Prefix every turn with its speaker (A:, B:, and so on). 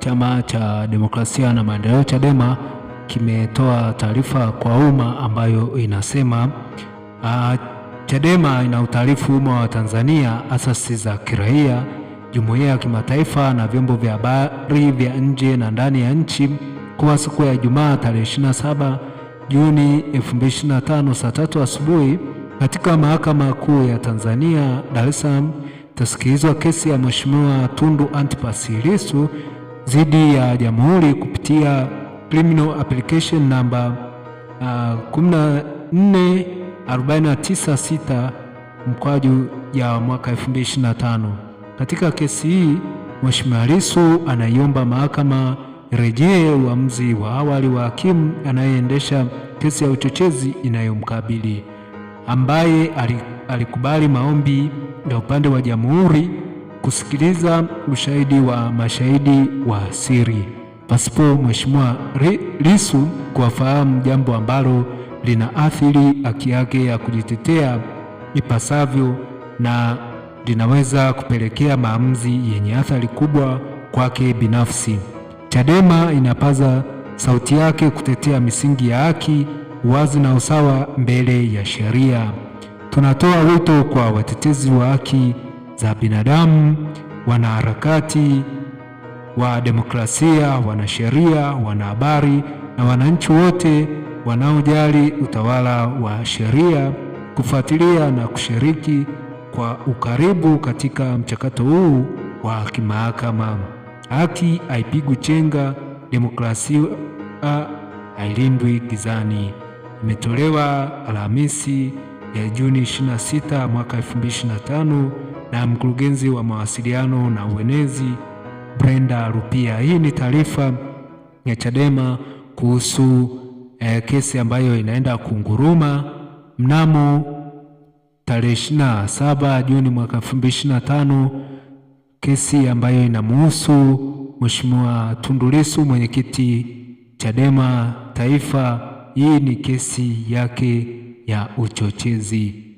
A: Chama cha Demokrasia na Maendeleo, Chadema, kimetoa taarifa kwa umma ambayo inasema uh, Chadema ina utaarifu umma wa Tanzania, asasi za kiraia, jumuiya ya kimataifa na vyombo vya habari vya nje na ndani ya nchi kuwa siku ya Ijumaa tarehe 27 Juni 2025 saa tatu asubuhi katika Mahakama Kuu ya Tanzania Dar es Salaam itasikilizwa kesi ya Mheshimiwa Tundu Antipas Lissu dhidi ya jamhuri kupitia criminal application namba uh, 14496 mkwaju ya mwaka 2025. Katika kesi hii Mheshimiwa Lissu anaiomba mahakama rejee uamuzi wa awali wa hakimu anayeendesha kesi ya uchochezi inayomkabili ambaye alikubali maombi ya upande wa jamhuri kusikiliza ushahidi wa mashahidi wa siri pasipo Mheshimiwa Lissu kuwafahamu, jambo ambalo linaathiri haki yake ya kujitetea ipasavyo na linaweza kupelekea maamuzi yenye athari kubwa kwake binafsi. Chadema inapaza sauti yake kutetea misingi ya haki, uwazi na usawa mbele ya sheria. Tunatoa wito kwa watetezi wa haki za binadamu, wanaharakati wa demokrasia, wanasheria, wanahabari na wananchi wote wanaojali utawala wa sheria kufuatilia na kushiriki kwa ukaribu katika mchakato huu wa kimahakama. Haki haipigwi chenga, demokrasia hailindwi gizani. Imetolewa Alhamisi ya Juni 26 mwaka 2025 na mkurugenzi wa mawasiliano na uenezi Brenda Rupia. Hii ni taarifa ya Chadema kuhusu eh, kesi ambayo inaenda kunguruma mnamo tarehe 27 Juni mwaka 2025, kesi ambayo inamuhusu Mheshimiwa Tundu Lissu, mwenyekiti Chadema Taifa. Hii ni kesi yake ya uchochezi